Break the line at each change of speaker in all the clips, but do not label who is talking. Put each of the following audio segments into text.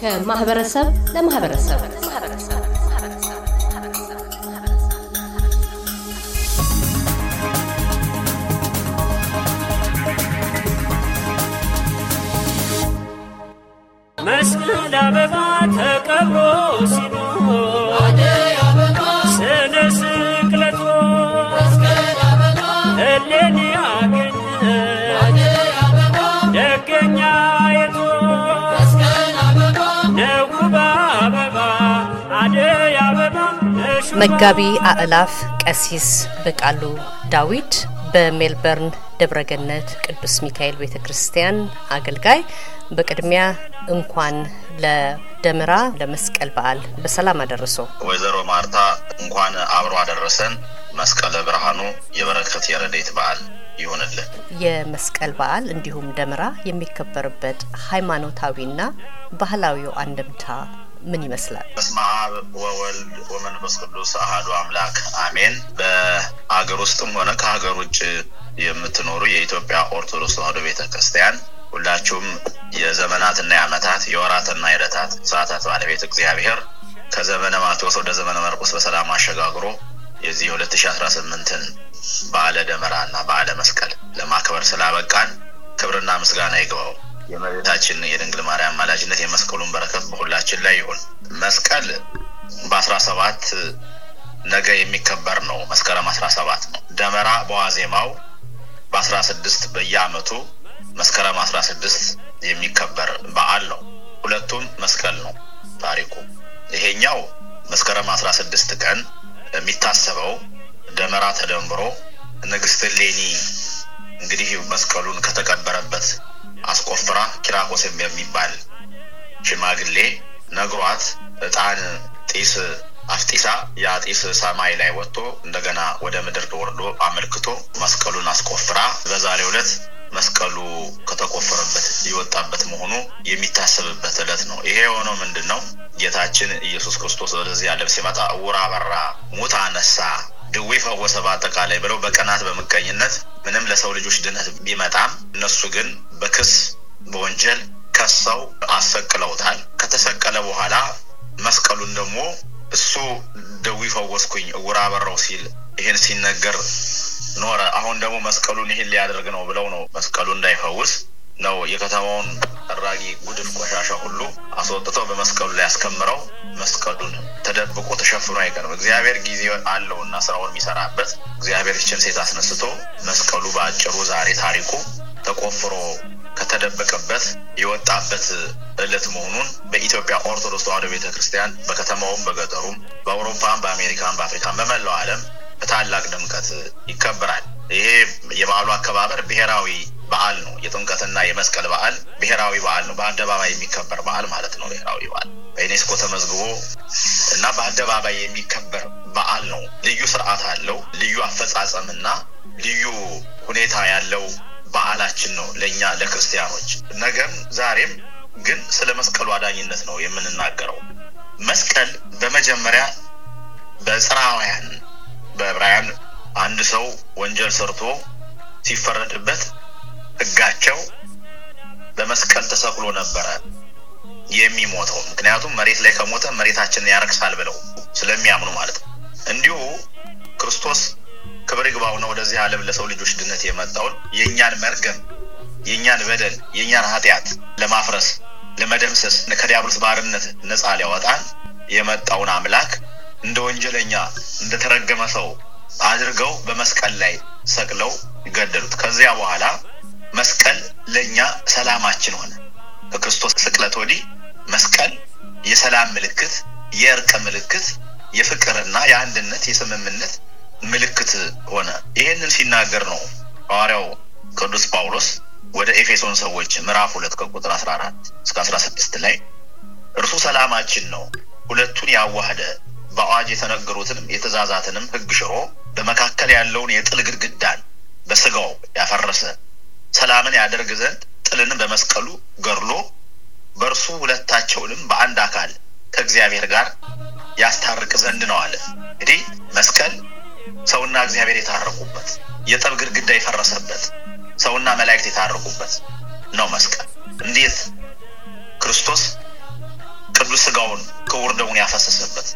ከማህበረሰብ ለማህበረሰብ ማህበረሰብ
መስቀል አበባ ተቀብሮ
መጋቢ አእላፍ ቀሲስ በቃሉ ዳዊት በሜልበርን ደብረገነት ቅዱስ ሚካኤል ቤተ ክርስቲያን አገልጋይ፣ በቅድሚያ እንኳን ለደመራ ለመስቀል በዓል በሰላም አደረሶ።
ወይዘሮ ማርታ እንኳን አብሮ አደረሰን። መስቀለ ብርሃኑ የበረከት የረዴት በዓል ይሆንልን።
የመስቀል በዓል እንዲሁም ደምራ የሚከበርበት ሃይማኖታዊና ባህላዊው አንድምታ ምን ይመስላል?
በስመ አብ ወወልድ ወመንፈስ ቅዱስ አህዱ አምላክ አሜን። በአገር ውስጥም ሆነ ከሀገር ውጭ የምትኖሩ የኢትዮጵያ ኦርቶዶክስ ተዋህዶ ቤተ ክርስቲያን ሁላችሁም የዘመናትና የዓመታት የወራትና የዕለታት ሰዓታት ባለቤት እግዚአብሔር ከዘመነ ማቴዎስ ወደ ዘመነ መርቆስ በሰላም አሸጋግሮ የዚህ የ2018ን በዓለ ደመራና በዓለ መስቀል ለማክበር ስላበቃን ክብርና ምስጋና ይግባው። የመቤታችን የድንግል ማርያም አማላጅነት የመስቀሉን በረከት በሁላችን ላይ ይሁን። መስቀል በአስራ ሰባት ነገ የሚከበር ነው። መስከረም አስራ ሰባት ነው። ደመራ በዋዜማው በአስራ ስድስት በየአመቱ መስከረም አስራ ስድስት የሚከበር በአል ነው። ሁለቱም መስቀል ነው ታሪኩ። ይሄኛው መስከረም አስራ ስድስት ቀን የሚታሰበው ደመራ ተደምሮ ንግስት ሌኒ እንግዲህ መስቀሉን ከተቀበረበት አስቆፍራ ኪራቆስም የሚባል ሽማግሌ ነግሯት እጣን ጢስ አፍጢሳ ያ ጢስ ሰማይ ላይ ወጥቶ እንደገና ወደ ምድር ወርዶ አመልክቶ መስቀሉን አስቆፍራ በዛሬ ዕለት መስቀሉ ከተቆፈረበት የወጣበት መሆኑ የሚታሰብበት ዕለት ነው። ይሄ የሆነው ምንድን ነው? ጌታችን ኢየሱስ ክርስቶስ ወደዚህ ዓለም ሲመጣ ውራ አበራ፣ ሙት አነሳ ድዊ ፈወሰ በአጠቃላይ ብለው በቀናት በምቀኝነት ምንም ለሰው ልጆች ድነት ቢመጣም እነሱ ግን በክስ በወንጀል ከሰው አሰቅለውታል። ከተሰቀለ በኋላ መስቀሉን ደግሞ እሱ ደዊ ፈወስኩኝ እውራ በረው ሲል ይህን ሲነገር ኖረ። አሁን ደግሞ መስቀሉን ይህን ሊያደርግ ነው ብለው ነው መስቀሉ እንዳይፈውስ ነው የከተማውን ጠራጊ ጉድፍ ቆሻሻ ሁሉ አስወጥተው በመስቀሉ ላይ ያስከምረው መስቀሉን ተደብቆ ተሸፍኖ አይቀርም። እግዚአብሔር ጊዜ አለውና ስራውን የሚሰራበት እግዚአብሔር ይችን ሴት አስነስቶ መስቀሉ በአጭሩ ዛሬ ታሪኩ ተቆፍሮ ከተደበቀበት የወጣበት እለት መሆኑን በኢትዮጵያ ኦርቶዶክስ ተዋህዶ ቤተ ክርስቲያን በከተማውም በገጠሩም በአውሮፓም በአሜሪካም በአፍሪካም በመላው ዓለም በታላቅ ድምቀት ይከበራል። ይሄ የበዓሉ አከባበር ብሔራዊ በዓል ነው። የጥምቀትና የመስቀል በዓል ብሔራዊ በዓል ነው። በአደባባይ የሚከበር በዓል ማለት ነው። ብሔራዊ በዓል በዩኔስኮ ተመዝግቦ እና በአደባባይ የሚከበር በዓል ነው። ልዩ ስርዓት አለው። ልዩ አፈጻጸምና ልዩ ሁኔታ ያለው በዓላችን ነው ለእኛ ለክርስቲያኖች። ነገም ዛሬም ግን ስለ መስቀሉ አዳኝነት ነው የምንናገረው። መስቀል በመጀመሪያ በጽራውያን በዕብራውያን አንድ ሰው ወንጀል ሰርቶ ሲፈረድበት ህጋቸው በመስቀል ተሰቅሎ ነበረ የሚሞተው። ምክንያቱም መሬት ላይ ከሞተ መሬታችንን ያረክሳል ብለው ስለሚያምኑ ማለት ነው። እንዲሁ ክርስቶስ ክብር ነ ወደዚህ ዓለም ለሰው ልጆች ድነት የመጣውን የእኛን መርገም፣ የእኛን በደል፣ የእኛን ኃጢአት ለማፍረስ ለመደምሰስ፣ ከዲያብሎስ ባርነት ነፃ ሊያወጣን የመጣውን አምላክ እንደ ወንጀለኛ እንደተረገመ ሰው አድርገው በመስቀል ላይ ሰቅለው ይገደሉት። ከዚያ በኋላ መስቀል ለእኛ ሰላማችን ሆነ። ከክርስቶስ ስቅለት ወዲህ መስቀል የሰላም ምልክት፣ የእርቅ ምልክት፣ የፍቅርና የአንድነት የስምምነት ምልክት ሆነ። ይህንን ሲናገር ነው ሐዋርያው ቅዱስ ጳውሎስ ወደ ኤፌሶን ሰዎች ምዕራፍ ሁለት ከቁጥር 14 እስከ 16 ላይ እርሱ ሰላማችን ነው፣ ሁለቱን ያዋህደ በአዋጅ የተነገሩትንም የትእዛዛትንም ሕግ ሽሮ በመካከል ያለውን የጥል ግድግዳን በስጋው ያፈረሰ ሰላምን ያደርግ ዘንድ ጥልንም በመስቀሉ ገድሎ በእርሱ ሁለታቸውንም በአንድ አካል ከእግዚአብሔር ጋር ያስታርቅ ዘንድ ነው አለ። እንግዲህ መስቀል ሰውና እግዚአብሔር የታረቁበት፣ የጠብ ግድግዳ የፈረሰበት፣ ሰውና መላእክት የታረቁበት ነው መስቀል። እንዴት ክርስቶስ ቅዱስ ስጋውን ክቡር ደሙን ያፈሰሰበት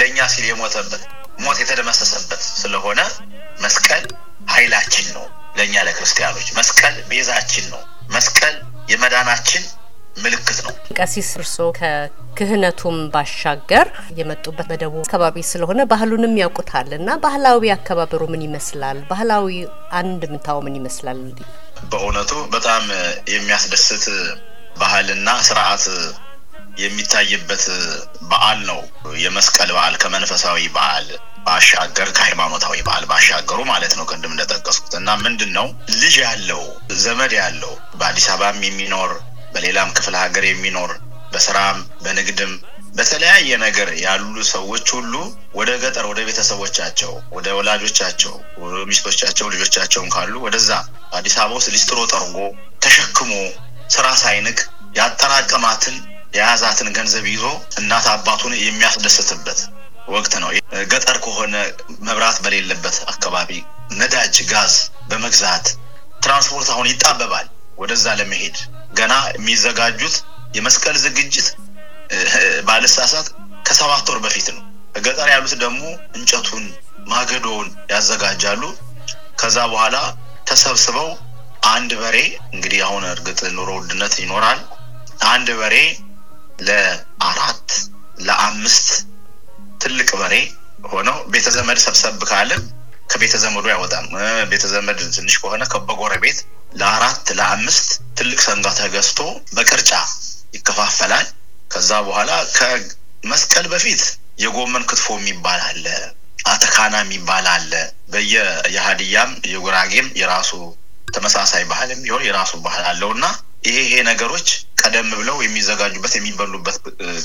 ለእኛ ሲል የሞተበት ሞት የተደመሰሰበት ስለሆነ መስቀል ኃይላችን ነው። ለእኛ ለክርስቲያኖች መስቀል ቤዛችን ነው። መስቀል የመዳናችን ምልክት ነው።
ቀሲስ እርስዎ ከክህነቱም ባሻገር የመጡበት በደቡብ አካባቢ ስለሆነ ባህሉንም ያውቁታል እና ባህላዊ አከባበሩ ምን ይመስላል? ባህላዊ አንድምታው ምን ይመስላል?
በእውነቱ በጣም የሚያስደስት ባህልና ስርዓት የሚታይበት በዓል ነው የመስቀል በዓል ከመንፈሳዊ በዓል ባሻገር ከሃይማኖታዊ በዓል ባሻገሩ ማለት ነው ቅድም እንደጠቀስኩት እና ምንድን ነው ልጅ ያለው ዘመድ ያለው በአዲስ አበባም የሚኖር በሌላም ክፍለ ሀገር የሚኖር በስራም በንግድም በተለያየ ነገር ያሉ ሰዎች ሁሉ ወደ ገጠር ወደ ቤተሰቦቻቸው ወደ ወላጆቻቸው ሚስቶቻቸው ልጆቻቸውን ካሉ ወደዛ አዲስ አበባ ውስጥ ሊስትሮ ጠርጎ ተሸክሞ ስራ ሳይንቅ ያጠራቀማትን የያዛትን ገንዘብ ይዞ እናት አባቱን የሚያስደስትበት ወቅት ነው። ገጠር ከሆነ መብራት በሌለበት አካባቢ ነዳጅ፣ ጋዝ በመግዛት ትራንስፖርት አሁን ይጣበባል። ወደዛ ለመሄድ ገና የሚዘጋጁት የመስቀል ዝግጅት ባለሳሳት ከሰባት ወር በፊት ነው። ገጠር ያሉት ደግሞ እንጨቱን ማገዶውን ያዘጋጃሉ። ከዛ በኋላ ተሰብስበው አንድ በሬ እንግዲህ አሁን እርግጥ ኑሮ ውድነት ይኖራል። አንድ በሬ ለአራት ለአምስት ትልቅ በሬ ሆነው ቤተዘመድ ሰብሰብ ካለ ከቤተዘመዱ አይወጣም። ቤተዘመድ ትንሽ ከሆነ በጎረቤት ለአራት ለአምስት ትልቅ ሰንጋ ተገዝቶ በቅርጫ ይከፋፈላል። ከዛ በኋላ ከመስቀል በፊት የጎመን ክትፎ የሚባል አለ፣ አተካና የሚባል አለ። በየየሀዲያም የጉራጌም የራሱ ተመሳሳይ ባህል የሚሆን የራሱ ባህል አለው እና ይሄ ይሄ ነገሮች ቀደም ብለው የሚዘጋጁበት የሚበሉበት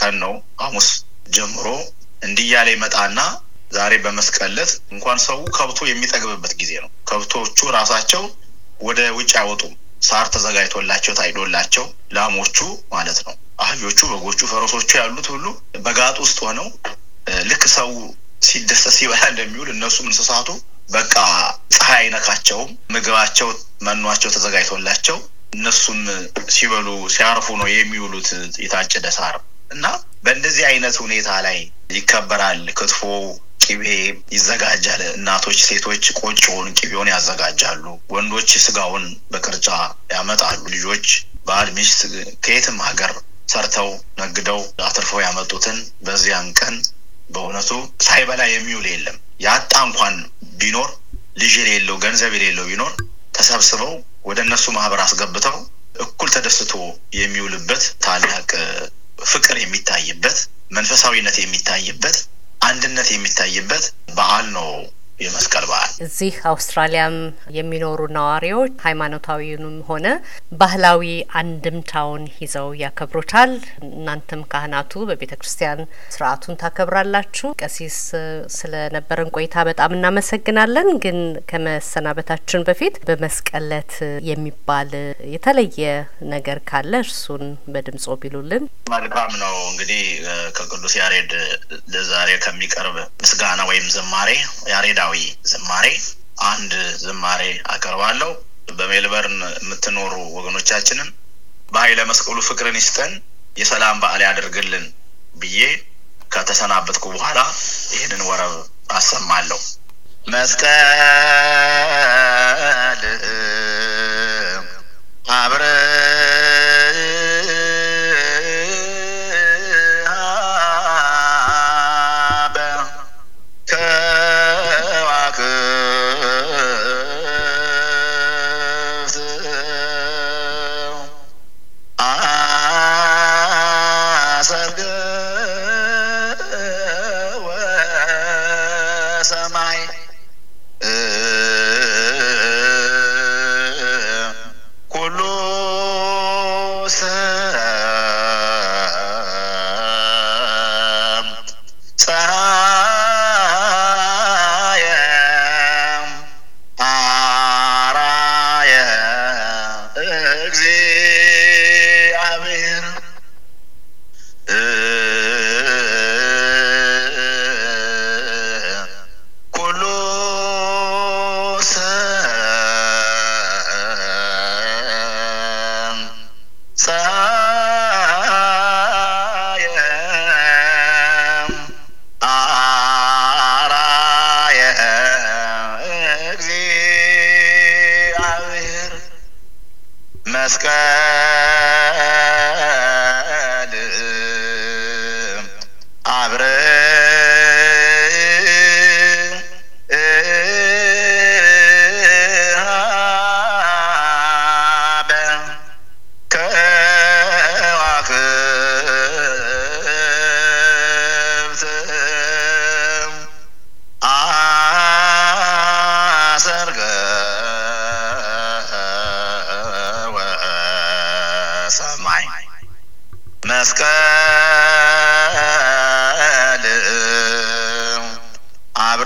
ቀን ነው ሐሙስ ጀምሮ እንዲህ እያለ ይመጣና ዛሬ በመስቀልለት እንኳን ሰው ከብቶ የሚጠግብበት ጊዜ ነው። ከብቶቹ ራሳቸው ወደ ውጭ አይወጡም። ሳር ተዘጋጅቶላቸው ታይዶላቸው ላሞቹ ማለት ነው። አህዮቹ፣ በጎቹ፣ ፈረሶቹ ያሉት ሁሉ በጋጥ ውስጥ ሆነው ልክ ሰው ሲደሰት ሲበላ እንደሚውል እነሱም እንስሳቱ በቃ ፀሐይ አይነካቸውም። ምግባቸው መኗቸው ተዘጋጅቶላቸው እነሱም ሲበሉ ሲያርፉ ነው የሚውሉት የታጨደ ሳር እና በእንደዚህ አይነት ሁኔታ ላይ ይከበራል ክትፎ ቅቤ ይዘጋጃል። እናቶች፣ ሴቶች ቆጮውን ቅቤውን ያዘጋጃሉ። ወንዶች ስጋውን በቅርጫ ያመጣሉ። ልጆች፣ ባል፣ ሚስት ከየትም ሀገር ሰርተው ነግደው አትርፈው ያመጡትን በዚያን ቀን በእውነቱ ሳይበላ የሚውል የለም። ያጣ እንኳን ቢኖር ልጅ የሌለው ገንዘብ የሌለው ቢኖር ተሰብስበው ወደ እነሱ ማህበር አስገብተው እኩል ተደስቶ የሚውልበት ታላቅ ፍቅር የሚታይበት መንፈሳዊነት የሚታይበት አንድነት የሚታይበት በዓል ነው። የመስቀል በዓል
እዚህ አውስትራሊያም የሚኖሩ ነዋሪዎች ሃይማኖታዊውንም ሆነ ባህላዊ አንድምታውን ይዘው ያከብሩታል። እናንተም ካህናቱ በቤተ ክርስቲያን ስርዓቱን ታከብራላችሁ። ቀሲስ ስለነበረን ቆይታ በጣም እናመሰግናለን። ግን ከመሰናበታችን በፊት በመስቀለት የሚባል የተለየ ነገር ካለ እርሱን በድምጾ ቢሉልን
መልካም ነው። እንግዲህ ከቅዱስ ያሬድ ለዛሬ ከሚቀርብ ምስጋና ወይም ዝማሬ ያሬዳ ዘመናዊ ዝማሬ አንድ ዝማሬ አቀርባለሁ። በሜልበርን የምትኖሩ ወገኖቻችንን በኃይለ መስቀሉ ፍቅርን ይስጠን የሰላም በዓል ያደርግልን ብዬ ከተሰናበትኩ በኋላ ይህንን ወረብ አሰማለሁ። መስቀል አብረ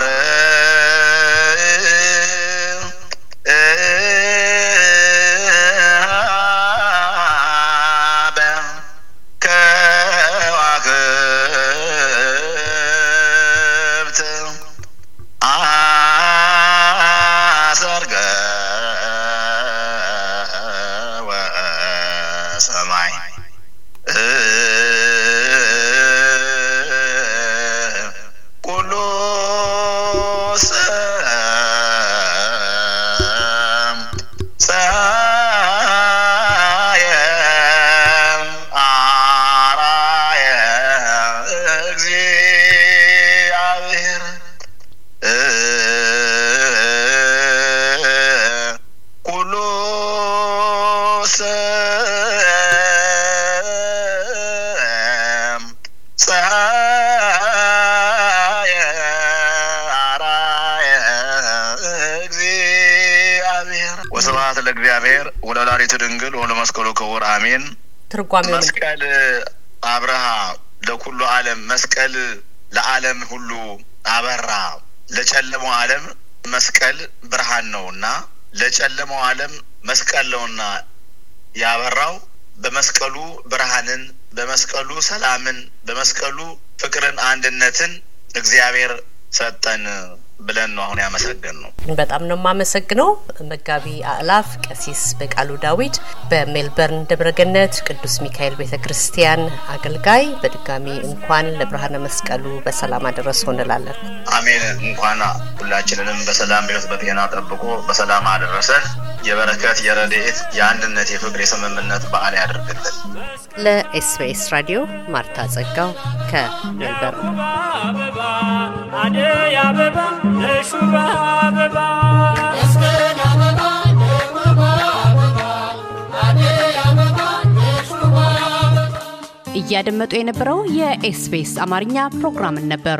Hare ስም ፀሐየ አራየ እግዚአብሔር። ወስብሐት ለእግዚአብሔር ወለወላዲቱ ድንግል ወለመስቀሉ ክቡር አሜን። ትርጓሜ መስቀል አብርሃ ለኩሉ ዓለም መስቀል ለዓለም ሁሉ አበራ። ለጨለመው ዓለም መስቀል ብርሃን ነውና ለጨለመው ዓለም መስቀል ነውና ያበራው በመስቀሉ ብርሃንን፣ በመስቀሉ ሰላምን፣ በመስቀሉ ፍቅርን፣ አንድነትን እግዚአብሔር ሰጠን ብለን ነው አሁን ያመሰገን ነው።
በጣም ነው የማመሰግነው መጋቢ አእላፍ ቀሲስ በቃሉ ዳዊት በሜልበርን ደብረገነት ቅዱስ ሚካኤል ቤተ ክርስቲያን አገልጋይ። በድጋሚ እንኳን ለብርሃነ መስቀሉ በሰላም አደረሰው እንላለን።
አሜን። እንኳን ሁላችንንም በሰላም ቤት በጤና ጠብቆ በሰላም አደረሰን። የበረከት የረድኤት የአንድነት የፍቅር የስምምነት በዓል ያደርግልን።
ለኤስቢኤስ ራዲዮ ማርታ ጸጋው ከሜልበርን እያደመጡ የነበረው የኤስቢኤስ አማርኛ ፕሮግራምን ነበር።